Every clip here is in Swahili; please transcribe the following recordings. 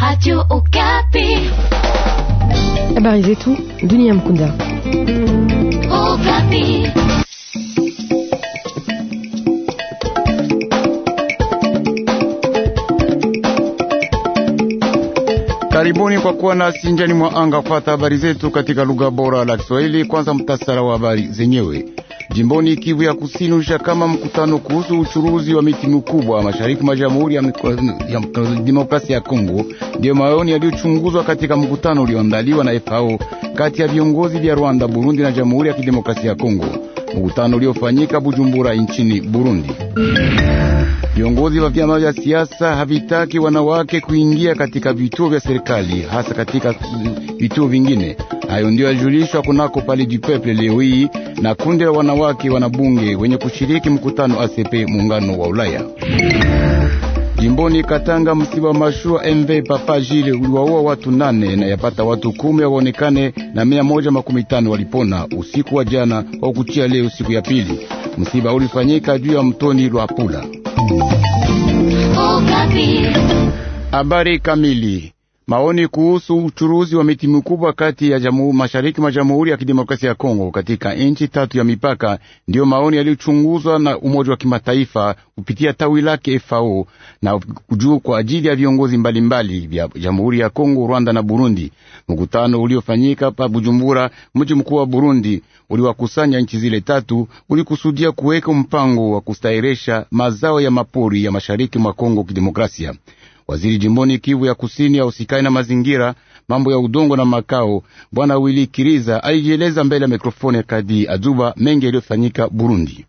Radio Okapi. Habari ah zetu dunia mkunda. Okapi. Karibuni kwa kuwa nasi njani mwa anga fata habari zetu katika lugha bora la Kiswahili. Kwanza mtasara wa habari zenyewe. Jimboni Kivu ya Kusini usha kama mkutano kuhusu uchuruzi wa miti mikubwa mashariki mwa Jamhuri ya, ya Demokrasia ya Kongo. Ndiyo maoni yaliyochunguzwa katika mkutano ulioandaliwa na FAO kati ya viongozi vya Rwanda, Burundi na Jamhuri ya Kidemokrasia ya Kongo, mkutano uliofanyika Bujumbura nchini Burundi. Viongozi wa vyama vya siasa havitaki wanawake kuingia katika vituo vya serikali, hasa katika vituo vingine. Hayo ndio yajulishwa kunako pale du Peuple leo hii na kundi la wanawake wanabunge wenye kushiriki mkutano ACP muungano wa Ulaya. Jimboni Katanga, msiba wa mashua MV Papa Jile uliwaua watu nane na yapata watu kumi waonekane na mia moja makumi tano walipona usiku wa jana wa kuchia leo siku ya pili. Msiba ulifanyika juu ya mtoni Lwapula. Oh, Habari kamili maoni kuhusu uchuruzi wa miti mikubwa kati ya jamu, mashariki mwa Jamhuri ya Kidemokrasia ya Kongo katika nchi tatu ya mipaka. Ndiyo maoni yaliyochunguzwa na Umoja wa Kimataifa kupitia tawi lake FAO na juu kwa ajili ya viongozi mbalimbali vya Jamhuri ya Kongo, Rwanda na Burundi. Mkutano uliofanyika pa Bujumbura, mji mkuu wa Burundi, uliwakusanya nchi zile tatu, ulikusudia kuweka mpango wa kustairisha mazao ya mapori ya mashariki mwa Kongo Kidemokrasia waziri jimboni Kivu ya Kusini usikani na mazingira, mambo ya udongo na makao, Bwana Wili Kiriza alijieleza mbele ya mikrofoni ya Kadi Azuba mengi yaliyofanyika Burundi.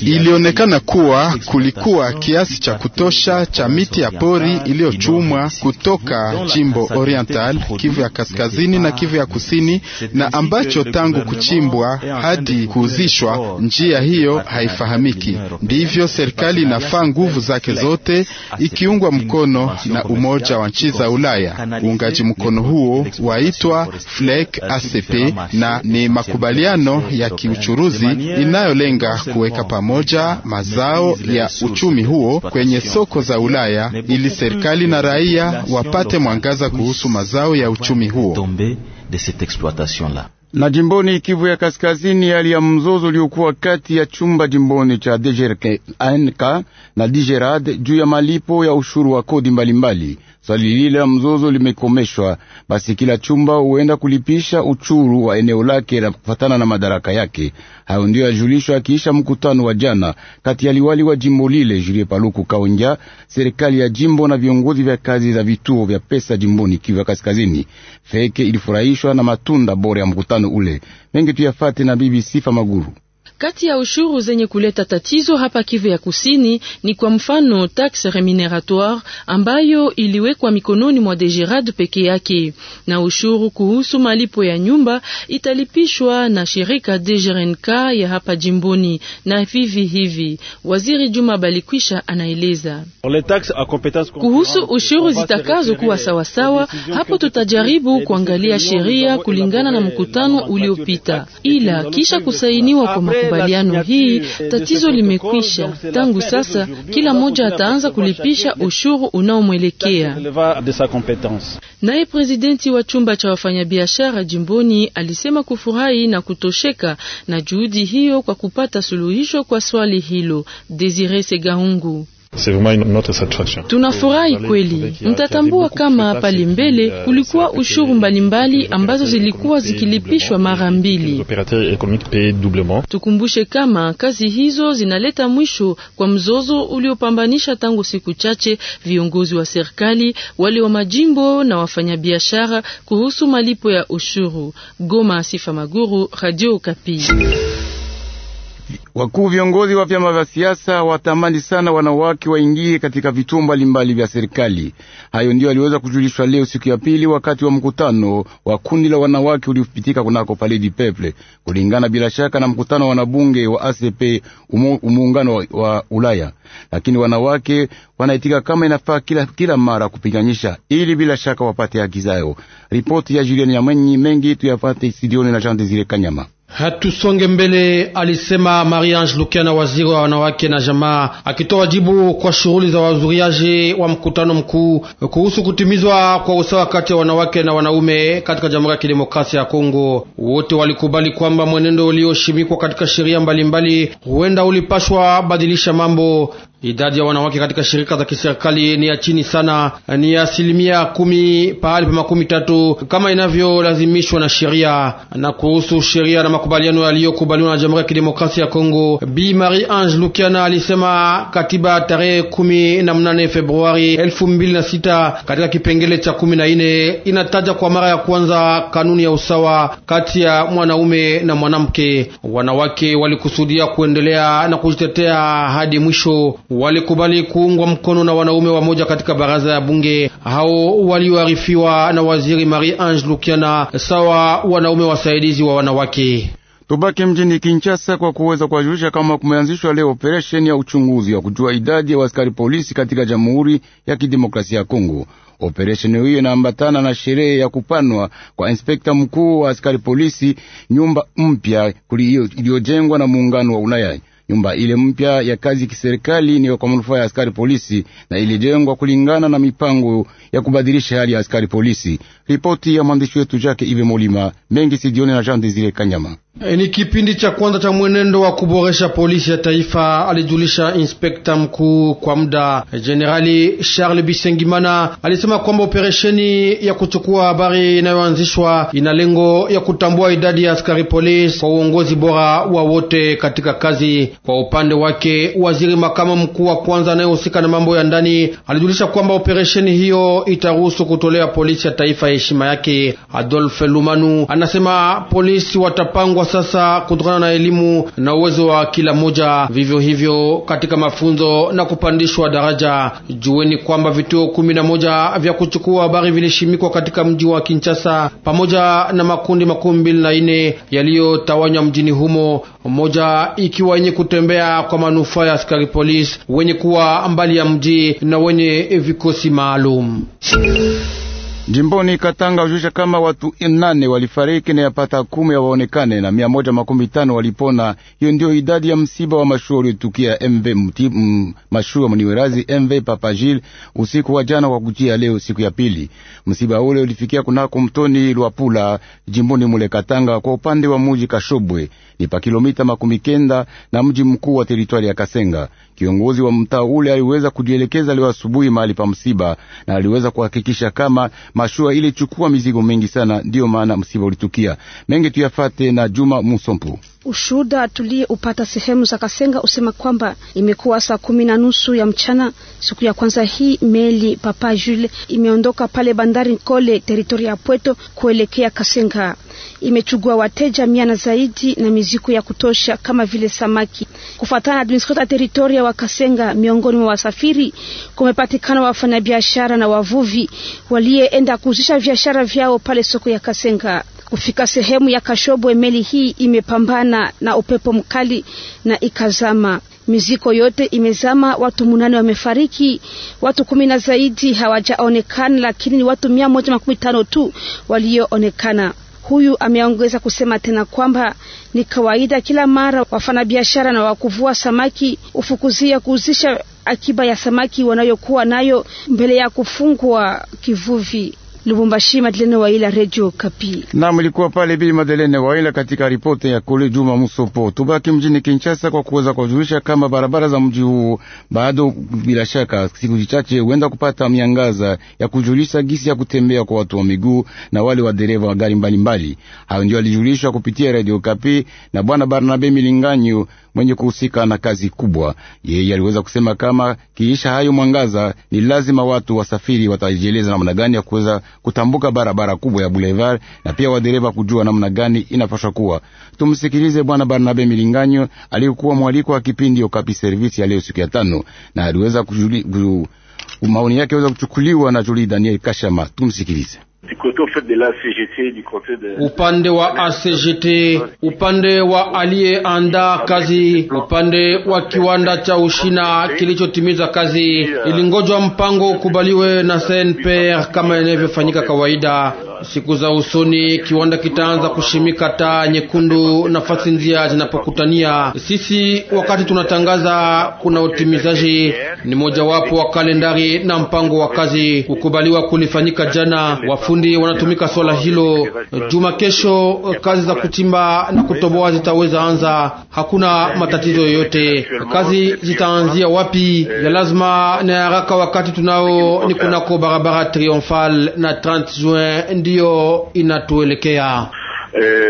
Ilionekana kuwa kulikuwa kiasi cha kutosha cha miti ya pori iliyochumwa kutoka jimbo Oriental, Kivu ya kaskazini na Kivu ya kusini, na ambacho tangu kuchimbwa hadi kuuzishwa, njia hiyo haifahamiki. Ndivyo serikali inafaa nguvu zake zote, ikiungwa mkono na Umoja wa Nchi za Ulaya. Uungaji mkono huo waitwa FLEG euh, ACP na ni makubaliano ya kiuchuruzi inayole inalenga kuweka pamoja mazao ya uchumi huo kwenye soko za Ulaya ili serikali na raia wapate mwangaza kuhusu mazao ya uchumi huo. Na jimboni Kivu ya Kaskazini, hali ya mzozo uliokuwa kati ya chumba jimboni cha DGRK na DGRAD juu ya malipo ya ushuru wa kodi mbalimbali mbali. Swali lile la mzozo limekomeshwa. Basi kila chumba huenda kulipisha uchuru wa eneo lake na kufatana na madaraka yake. Hayo ndiyo yajulishwa akiisha mkutano wa jana kati ya liwali wa jimbo lile Julie Paluku Kaonja, serikali ya jimbo na viongozi vya kazi za vituo vya pesa jimboni Kivu Kaskazini. Feke ilifurahishwa na matunda bora ya mkutano ule. Mengi tuyafate na bibi sifa maguru kati ya ushuru zenye kuleta tatizo hapa Kivu ya Kusini ni kwa mfano taxe remuneratoire ambayo iliwekwa mikononi mwa Degerad peke yake, na ushuru kuhusu malipo ya nyumba italipishwa na shirika DGRNK ya hapa jimboni, na vivi hivi. Waziri Juma Balikwisha anaeleza kuhusu ushuru zitakazo kuwa sawasawa. Hapo tutajaribu kuangalia sheria kulingana na mkutano uliopita, ila kisha kusainiwa kwa makubaliano hii, tatizo limekwisha. Tangu sasa kila mmoja ataanza kulipisha ushuru unaomwelekea. Naye presidenti wa chumba cha wafanyabiashara jimboni alisema kufurahi na kutosheka na juhudi hiyo kwa kupata suluhisho kwa swali hilo. Desire Segaungu Tunafurahi kweli. Mtatambua kama pale mbele kulikuwa ushuru mbalimbali ambazo zilikuwa zikilipishwa mara mbili. Tukumbushe kama kazi hizo zinaleta mwisho kwa mzozo uliopambanisha tangu siku chache viongozi wa serikali, wale wa majimbo na wafanyabiashara kuhusu malipo ya ushuru. Goma, Sifa Maguru, Radio Kapi. Wakuu viongozi wa vyama vya siasa watamani sana wanawake waingie katika vituo mbalimbali vya serikali. Hayo ndio aliweza kujulishwa leo siku ya pili wakati wa mkutano wa kundi la wanawake uliopitika kunako Palais du Peuple, kulingana bila shaka na mkutano wa wanabunge wa ACP umuungano wa, wa Ulaya. Lakini wanawake wanaitika kama inafaa kila, kila mara kupiganisha ili bila shaka wapate haki zao. Ripoti ya Julian Nyamenyi mengi tuyapate studioni na Jean Desire Kanyama. Hatusonge mbele, alisema Marie-Ange Lukiana, waziri wa wanawake na jamaa, akitoa jibu kwa shughuli za wazuriaji wa mkutano mkuu kuhusu kutimizwa kwa usawa kati ya wanawake na wanaume katika Jamhuri ya Kidemokrasia ya Kongo. Wote walikubali kwamba mwenendo ulioshimikwa katika sheria mbalimbali huenda ulipashwa badilisha mambo. Idadi ya wanawake katika shirika za kiserikali ni ya chini sana, ni asilimia kumi pahali pa makumi tatu kama inavyolazimishwa na sheria. Na kuhusu sheria na makubaliano yaliyokubaliwa na Jamhuri ya Kidemokrasia ya Kongo, Bi Marie Ange Lukiana alisema katiba tarehe kumi na mnane Februari elfu mbili na sita katika kipengele cha kumi na nne inataja kwa mara ya kwanza kanuni ya usawa kati ya mwanaume na mwanamke. Wanawake walikusudia kuendelea na kujitetea hadi mwisho walikubali kuungwa mkono na wanaume wamoja katika baraza ya bunge, hao walioarifiwa na waziri Marie Ange Lukiana sawa wanaume wasaidizi wa wanawake. Tubaki mjini Kinshasa kwa kuweza kuwajulisha kama kumeanzishwa leo operesheni ya uchunguzi wa kujua idadi ya askari polisi katika Jamhuri ya Kidemokrasia ya Kongo. Operesheni hiyo inaambatana na sherehe ya kupanwa kwa inspekta mkuu wa askari polisi, nyumba mpya iliyojengwa na muungano wa Ulaya. Nyumba ile mpya ya kazi kiserikali ni kwa manufaa ya askari polisi na ilijengwa kulingana na mipango ya kubadilisha hali ya askari polisi. Ripoti ya mwandishi wetu Jake Ive Molima mengi sidioni na Jean Desire Kanyama. Eh, ni kipindi cha kwanza cha mwenendo wa kuboresha polisi ya taifa, alijulisha inspekta mkuu kwa muda Jenerali eh, Charles Bisengimana. Alisema kwamba operesheni ya kuchukua habari inayoanzishwa ina lengo ya kutambua idadi ya askari polisi kwa uongozi bora wa wote katika kazi. Kwa upande wake, waziri makamu mkuu wa kwanza anayehusika na mambo ya ndani alijulisha kwamba operesheni hiyo itaruhusu kutolea polisi ya taifa heshima yake. Adolphe Lumanu anasema polisi watapangwa sasa kutokana na elimu na uwezo wa kila mmoja. Vivyo hivyo katika mafunzo na kupandishwa daraja, jueni kwamba vituo kumi na moja vya kuchukua habari vilishimikwa katika mji wa Kinshasa pamoja na makundi makumi mbili na ine yaliyotawanywa mjini humo, moja ikiwa yenye kutembea kwa manufaa ya askari polisi wenye kuwa mbali ya mji na wenye vikosi maalum. Jimboni Katanga ujusha kama watu nane walifariki na yapata kumi ya waonekane na mia moja makumi tano walipona. Hiyo ndio idadi ya msiba wa mashua uliotukia MV mti, mm, mashua mniwerazi MV Papajil usiku wa jana kwa kuchia leo siku ya pili. Msiba ule ulifikia kunako mtoni Lwapula jimboni mule Katanga kwa upande wa muji Kashobwe, ni pa kilomita makumi kenda na mji mkuu wa teritwari ya Kasenga. Kiongozi wa mtaa ule aliweza kujielekeza leo asubuhi mahali pa msiba, na aliweza kuhakikisha kama mashua ile chukua mizigo mingi sana, ndiyo maana msiba ulitukia. Mengi tuyafate na Juma Musompu. Ushuhuda tuliyeupata sehemu za Kasenga usema kwamba imekuwa saa kumi na nusu ya mchana siku ya kwanza hii, meli Papa Jules imeondoka pale bandari Kole, teritoria ya Pweto kuelekea Kasenga imechugua wateja mia na zaidi na miziko ya kutosha kama vile samaki. Kufuatana na administrator teritoria wa Kasenga, miongoni mwa wasafiri kumepatikana wafanyabiashara na wavuvi waliyeenda kuuzisha biashara vyao pale soko ya Kasenga. Kufika sehemu ya Kashobwe, meli hii imepambana na upepo mkali na ikazama. Miziko yote imezama, watu munane wamefariki, watu kumi na zaidi hawajaonekana, lakini ni watu mia moja makumi tano tu walioonekana. Huyu ameongeza kusema tena kwamba ni kawaida kila mara wafanyabiashara na wakuvua samaki ufukuzia kuhusisha akiba ya samaki wanayokuwa nayo mbele ya kufungwa kivuvi. Lubumbashi, Madeleine Waila, Radio Kapi. Na mlikuwa pale Bi Madeleine Waila katika ripoti ya kule Juma Musopo. Tubaki mjini Kinshasa kwa kuweza kujulisha kama barabara za mji huu bado bila shaka siku chache huenda kupata miangaza ya kujulisha gisi ya kutembea kwa watu wa miguu na wale wa dereva wa gari mbalimbali. Hayo ndio alijulishwa kupitia Radio Kapi na bwana Barnabe Milinganyo mwenye kuhusika na kazi kubwa. Yeye aliweza kusema kama kiisha hayo mwangaza, ni lazima watu wasafiri watajieleza namna gani ya kuweza kutambuka barabara kubwa ya boulevard na pia wadereva kujua namna gani inapaswa kuwa. Tumsikilize Bwana Barnabe Milinganyo aliyekuwa mwaliko wa kipindi Okapi Service ya leo siku ya tano, na aliweza maoni yake aweza kuchukuliwa na Julie Daniel Kashama. Tumsikilize upande wa ACGT, upande wa aliyeandaa kazi, upande wa kiwanda cha Ushina kilichotimiza kazi. Ilingojwa mpango ukubaliwe na CNPR kama inavyofanyika kawaida. Siku za usoni kiwanda kitaanza kushimika taa nyekundu nafasi nzia zinapokutania. Sisi wakati tunatangaza kuna utimizaji, ni mojawapo wa kalendari na mpango wa kazi. Kukubaliwa kulifanyika jana, wafundi wanatumika swala hilo. Juma kesho kazi za kuchimba na kutoboa zitaweza anza hakuna eh, matatizo yoyote. Kazi zitaanzia wapi? Eh. Ya lazima na haraka, wakati tunao ni kunako barabara Triomphal na 30 Juin ndiyo inatuelekea eh,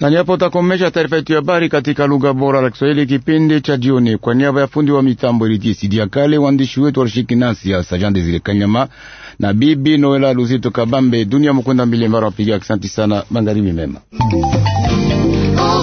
na niapo takomesha taarifa yetu ya habari katika lugha bora la Kiswahili kipindi cha jioni, kwa niaba ya fundi wa mitambo Elidie Sidia Kale, waandishi wetu walishiriki nasi ya Sajande Zile Kanyama na bibi Noela Luzito Kabambe. Dunia Mukwenda mbili mara wapiga. Asante sana, magharibi mema. mm -hmm.